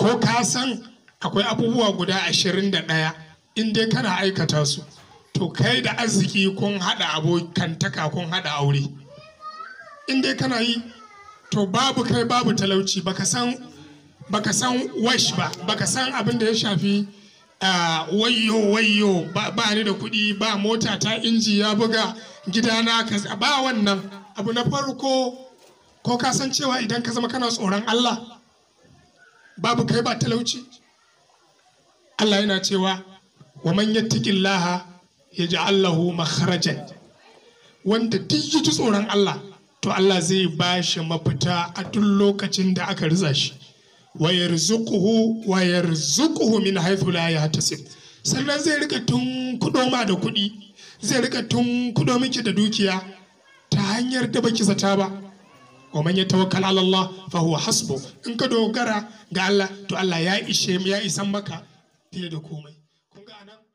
ko ka san akwai abubuwa guda ashirin da ɗaya in dai kana aikata su to kai da arziki kun haɗa abokantaka kun haɗa aure in dai kana yi to babu kai babu talauci baka san baka san wash ba baka san abin da ya shafi uh, ah, wayo wayo ba, ba ni da kuɗi ba mota ta inji ya buga gidana ka ba wannan abu na farko ko ka san cewa idan ka zama kana tsoron Allah babu kai ba talauci Allah yana cewa wa man ya yaj'al lahu makharajan wanda duk ji tsoron Allah to Allah zai ba shi mafita a duk lokacin da aka riza shi wa yarzuquhu wa yarzuquhu min haythu la yahtasib sannan zai rika tun kudo ma da kuɗi zai rika tun kudo miki da dukiya ta hanyar da baki zata ba wa man yatawakkal ala Allah fa huwa hasbu in ka dogara ga Allah to Allah ya ishe ya isan maka fiye da komai kun ga anan